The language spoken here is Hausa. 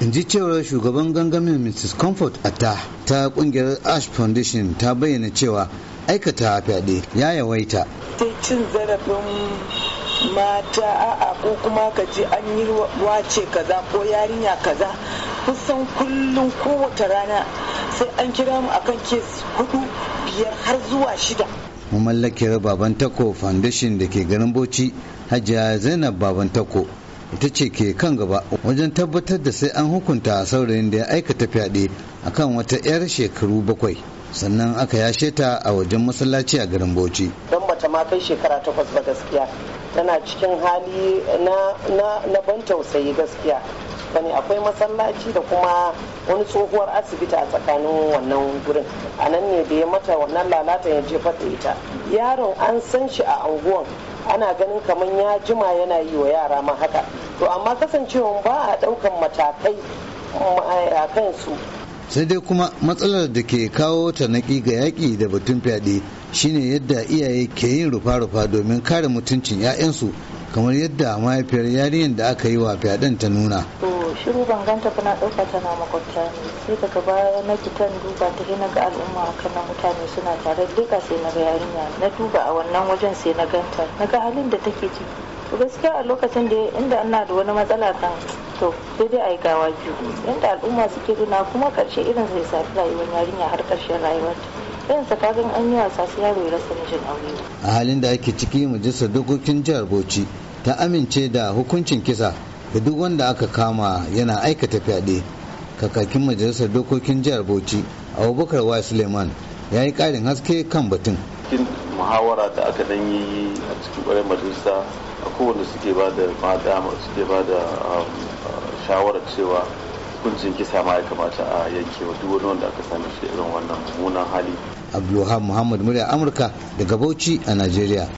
in ji cewar shugaban gangamin mrs comfort atta ta kungiyar ash foundation ta bayyana cewa aikata fyaɗe ya yawaita cin zarafin mata a ko kuma ka ji an yi wace kaza ko yarinya kaza kusan kullum kowace rana sai an kira mu akan kes hudu biyar har zuwa shida mamallakiyar baban tako foundation da ke garin bauchi hajiya zainab babantako ita ce ke kan gaba wajen tabbatar da sai an hukunta saurayin da ya aikata fyaɗe a kan wata 'yar shekaru bakwai sannan aka yashe ta a wajen masallaci a garin bauchi don bata ma kai shekara takwas ba gaskiya tana cikin hali na ban tausayi gaskiya bane akwai masallaci da kuma wani tsohuwar asibiti a tsakanin wannan gurin a nan ne da ya mata wannan lalata ya jefar da ita yaron an san shi a anguwan ana ganin kamar ya jima yana yi wa yara ma haka to amma kasancewa ba a ɗaukan matakai a kansu sai dai kuma matsalar da ke kawo tanaki ga yaƙi da batun fyaɗe shine yadda iyaye ke yin rufa-rufa domin kare mutuncin 'ya'yansu kamar yadda mahaifiyar yarinyar da aka yi wa fyaɗen ta nuna shiru ban ganta ba na ɗauka tana makwabta ne sai daga baya na kitan duba ta na ga al'umma a na mutane suna tare duka sai na ga yarinya na duba a wannan wajen sai na ganta na ga halin da take ciki to gaskiya a lokacin da inda ina da wani matsala kan to sai dai a yi gawa biyu inda al'umma suke nuna kuma karshe irin zai safi rayuwar yarinya har karshen rayuwarta irin sakarin an yi wasa sai yaro ya rasa mijin aure. a halin da ake ciki majalisar dokokin jihar bauchi ta amince da hukuncin kisa da duk wanda aka kama yana aikata fyaɗe kakakin majalisar dokokin jihar bauchi abubakar wa suleiman ya yi ƙarin haske kan batun cikin muhawara da aka dan yi a cikin ƙwarar majalisa a kowanne suke ba da madama suke ba da um, shawarar cewa hukuncin kisa ma ya kamata a yanke wa duk wanda aka sami shi irin wannan mummunan hali abdulhamid muhammad murya amurka daga bauchi a najeriya